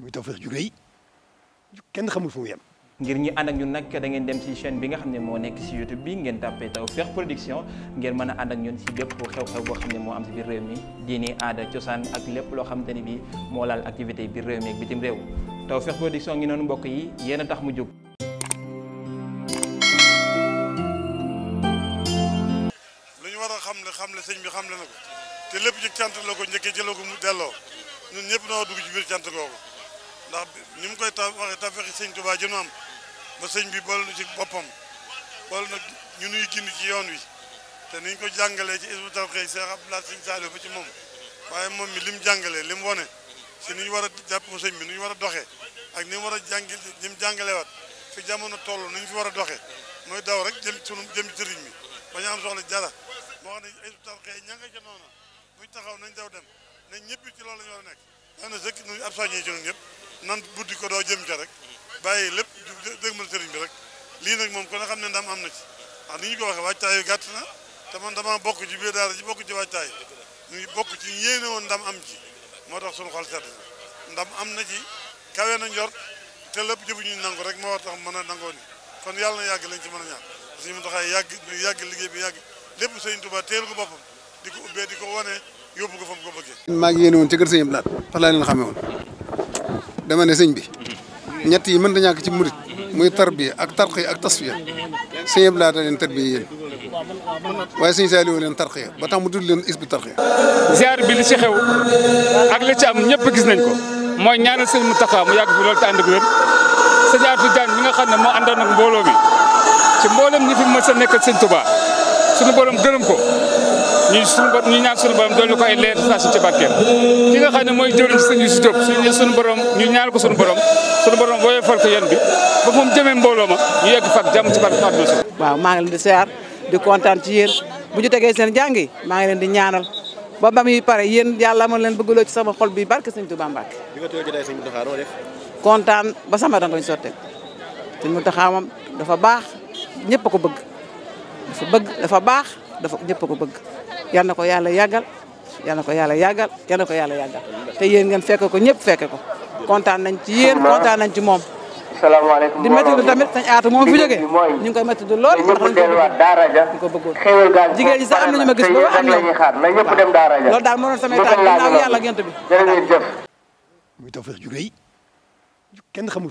muy Tawfekh ju rëy kenn xamul fu mu ngir ñi ànd ak ñun nag da ngeen dem ci chaîne bi nga xam ne moo nekk ci YouTube bi ngeen tàppee Tawfekh Production ngeen mën a ànd ak ñun ci bépp xew-xew boo xam ne moo am ci biir réew mi diini aada cosaan ak lépp loo xamante bi moo laal activité biir réew mi ak bitim réew Tawfekh Production ngi noonu mbokk yi yéen a tax mu jóg. lu ñu war a xam ne xam ne sëñ bi xam ne na ndax ni mu koy ta waxee tafexi sëñ Tuubaa ji nu am ba sëñ bi bool na ci boppam bool na ñu nuy gind ci yoon wi te niñ ko jàngalee ci isbu tawxëy Seex Abdulaay sëñ Saaliw ba ci moom waaye moom mi li mu jàngalee li mu wone si ni ñu war a jàpp sëñ nu war a doxee ak ni mu war a jàngi ni mu jàngalee wat fi jamono toll nu ñu fi war a doxee mooy daw rek jëm sunu jëm sëriñ mi ba ñu am soxla jara moo xam ne isbu tawxëy ña nga ca noona muy taxaw nañ daw dem nañ ñëpp ci loolu la nekk daana sëkk nuñu ab soññee ci ñun ñëpp nan buddi ko doo jëm ca rek bàyyi lépp dëgmal sëriñ bi rek lii nag moom kon a xam ne ndam am na ci wax ni ñu ko wax waajtaay yu na te man dama bokk ci biir daara ji bokk ci waajtaay ñu bokk ci yéene woon ndam am ji moo tax suñu xol sedd na ndam am na ci kawe na njort te lépp jëbu ñu nangu rek moo war tax mën a nangoo ni kon yàlla na yàgg lañ ci mën a ñaan suñu mu taxaay yàgg yàgg liggéey bi yàgg lépp sëñ Tuba teel ko boppam di ko ubbee di ko wane yóbbu ko fa mu ko bëggee. maa ngi yéene woon ci kër sëñ Abdou Lahad dama ne sëñ bi ñett yi mën da ñàkk ci murit muy tarbiya ak tarqiya ak tasfiya sëñ laa laata leen tarbiya yéen waaye sëñ Saaliw leen tarqiya ba tax mu tudd leen is bi tarqiya ziar bi li ci xew ak li ci am ñëpp gis nañ ko mooy ñaanal sëñ Mountakha mu yàgg fi loolu te ànd ak wér sëñ Atou Diagne mi nga xam ne moo àndoon ak mbooloo mi ci mboolem ñi fi ma a nekkal sëñ Touba suñu mboolem gërëm ko ñu suñu ñu ñaan suñu borom ko ay leer station ci barkeem ki nga xam ne mooy jëriñ sëñ Youssou Diop suñu ñaan ko suñu borom suñu borom booyee fal ko yéen bi ba fu mu jëmee mbooloo ma ñu yegg fak jàmm ci waaw maa ngi leen di kontaan ci yéen bu ñu tegee seen jàng yi maa ngi leen di ñaanal ba ba muy pare yéen yàlla ma leen bëggaloo ci sama xol bi barke sëñ Touba Mbacke bi nga toogee jotaay sëñ Mountakha kontaan ba sama dangoñ sottee sëñ Mountakha dafa baax ñëpp ko bëgg dafa dafa baax dafa ñëpp ko bëgg yan na ko yàlla yàggal yal na ko yàlla yàggal yal ko yàlla yàggal te yéen ngeen fekke ko ñëpp fekke ko kontaan nañ ci yéen kontaan nañ ci moom salaamaaleykum di métti du tamit sañ aatu moom fi jógee ñu ngi koy métti du lool ñu ko bëggoon jigéen ñi sax am nañu ma gis ba wax am nañu loolu daal moo doon samay taal ginnaaw yàlla gént bi jërëjëf muy tawfeex ju rëy kenn xamul